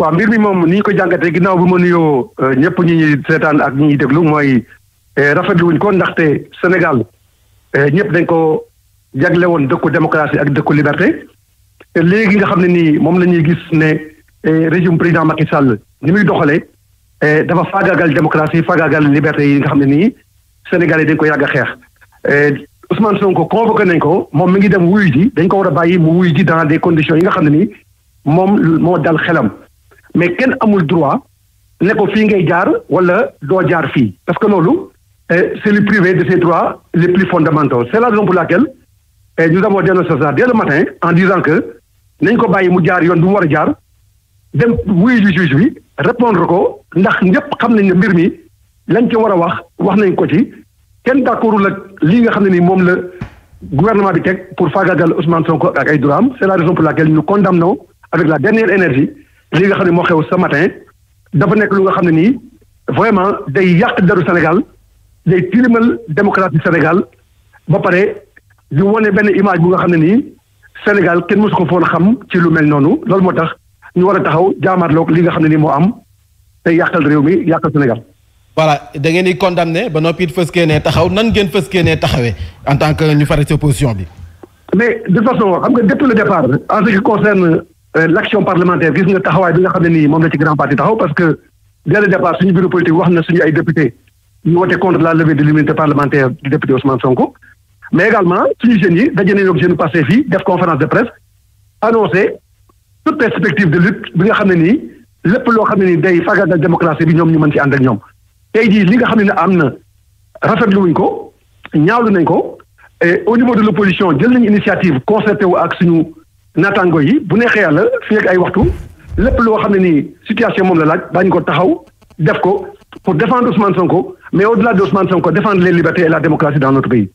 waaw mbir mi moom ni ñu ko jàngatee ginnaaw bi ma nuyoo euh, ñëpp ñi ñuy seetaan ak ñi ñuy déglu mooy euh, rafetlu wuñ ko ndaxte Sénégal euh, ñëpp dañ ko jagle woon dëkku démocratie ak dëkku liberté te léegi nga xam ne nii moom lañuy gis ne régime président Macky Sall ni muy doxalee dafa faagaagal démocratie faagaagal liberté yi nga xam ne nii Sénégalais dañ ko yàgg xeex Ousmane Sonko convoqué nañ ko moom mi ngi dem wuyu ji dañ ko war a bàyyi mu wuyu ji dans des conditions yi nga xam ne nii moom moo dal xelam mais kenn amul droit ne ko fii ngay jaar wala doo jaar fii parce que loolu eh, c'est le privé de ces droits les plus fondamentaux c'est la raison pour laquelle eh, nous avons dénoncé ça dès le matin en disant que nañ ko bàyyi mu jaar yoon bu mu war a jaar dem wuyu ji juge bi répondre ko ndax ñëpp xam nañ ne mbir mi lañ ko war a wax wax nañ ko ci kenn d'accordul ak lii nga xam ne nii moom la gouvernement bi teg pour faagaagal Ousmane Sonko ak ay droits c'est la raison pour laquelle nous condamnons avec la dernière énergie lii nga xam ne moo xew ce matin dafa nekk lu nga xam ne nii vraiment day yàq daru Sénégal day tilimal démocratie du Sénégal ba pare lu wone benn image bu nga xam ne nii Sénégal kenn mosu ko foon xam ci lu mel noonu loolu moo tax ñu war a taxaw jaamaarloog li nga xam ne nii moo am day yàqal réew mi yàqal Sénégal. voilà da ngeen di condamné ba noppi it fës keenee taxaw nan ngeen fës keenee taxawee en tant que ñu fare ci opposition bi. mais de façon xam nga depuis le départ en ce qui concerne euh, l' parlementaire gis nga taxawaay bi nga xam ne nii moom la ci grand parti taxaw parce que dès suñu bureau politique wax na suñu ay député ñu wote contre la levée de l'immunité parlementaire du député Ousmane Sonko. mais également suñu jeunes yi daje ne nii lépp loo xam ne nii ñoom ñu mën ci ànd ñoom. tey jii li nga xam ne am na rafetlu wuñ ko ñaawlu nañ ko et au niveau de l'opposition jël nañu initiative concerté wu ak suñu naataango yi bu neexee yàlla fi ak ay waxtu lépp loo xam ne nii situation moom la laaj daañu ko taxaw def ko pour défendre Ousmane Sonko mais au-delà de Ousmane Sonko défendre les libertés et la démocratie dans notre pays.